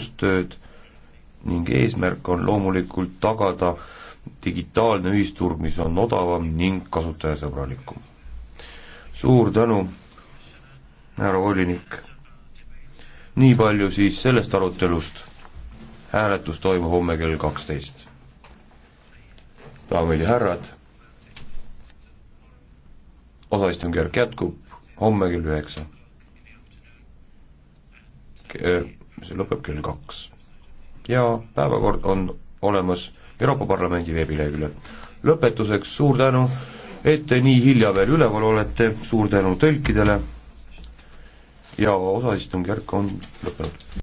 oskustööd ning eesmärk on loomulikult tagada digitaalne ühisturg, mis on odavam ning kasutajasõbralikum. suur tänu, härra volinik. nii palju siis sellest arutelust. hääletus toimub homme kell kaksteist. daamid ja härrad, osaistungjärk jätkub homme kell üheksa see lõpeb kell kaks. ja päevakord on olemas Euroopa Parlamendi veebileheküljel. lõpetuseks suur tänu, et te nii hilja veel üleval olete, suur tänu tõlkidele ja osaistungjärk on lõppenud.